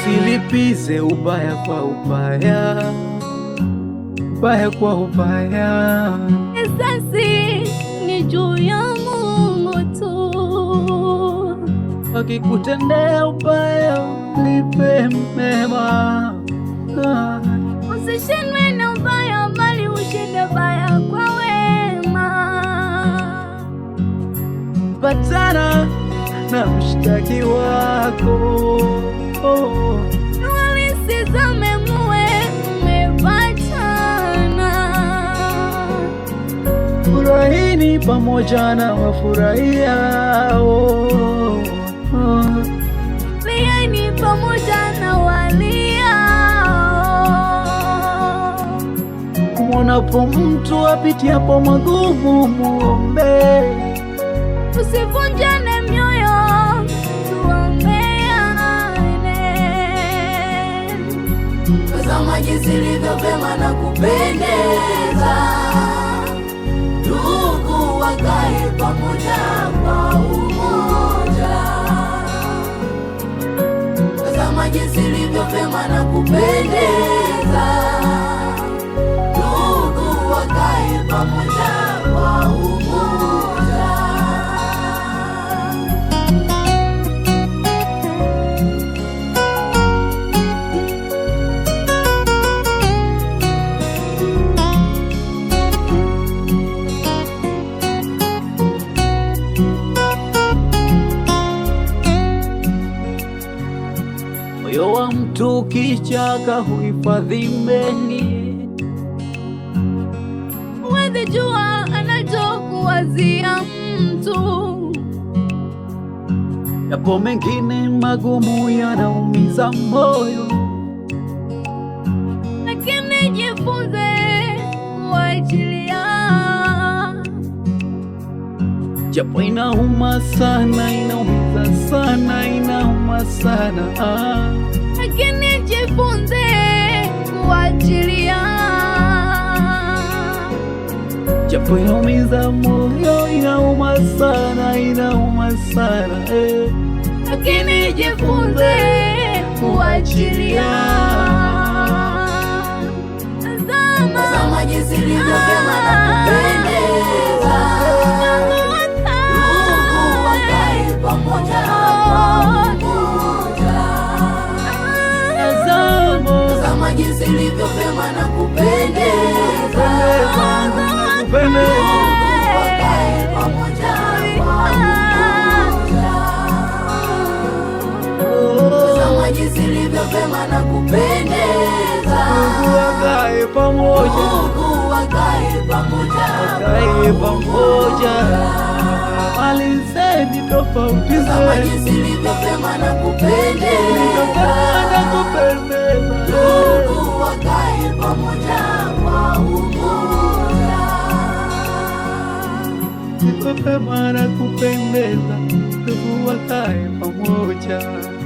Usilipize ubaya kwa ubaya, ubaya kwa ubaya. Kisasi ni juu ya Mungu tu. Wakikutendea ubaya ulipe mema. Usishindwe na ubaya, bali ushinde baya kwa wema. Patana na mshtaki wako oh. furahini pamoja na wafurahiao, lieni pamoja na waliao. Mwonapo mtu apitiapo magumu, muombe, usivunjane mioyo, tuombeane. Tazama jinsi ilivyo na kupendeza God. tukichaka huhifadhi meni wezi jua anachokuwazia mtu yapo mengine magumu yanaumiza moyo, lakini jifunze kuachilia, japo inauma sana, inauma sana, inauma sana haki nijifunze kuachilia, japo yaumiza moyo, inauma sana, inauma sana eh, lakini jifunze kuachilia. ulivyo vema na kupendeza, wakae pamoja tazama jinsi ulivyo vema na kupendeza, kama nakupendeza, tuvuakae pamoja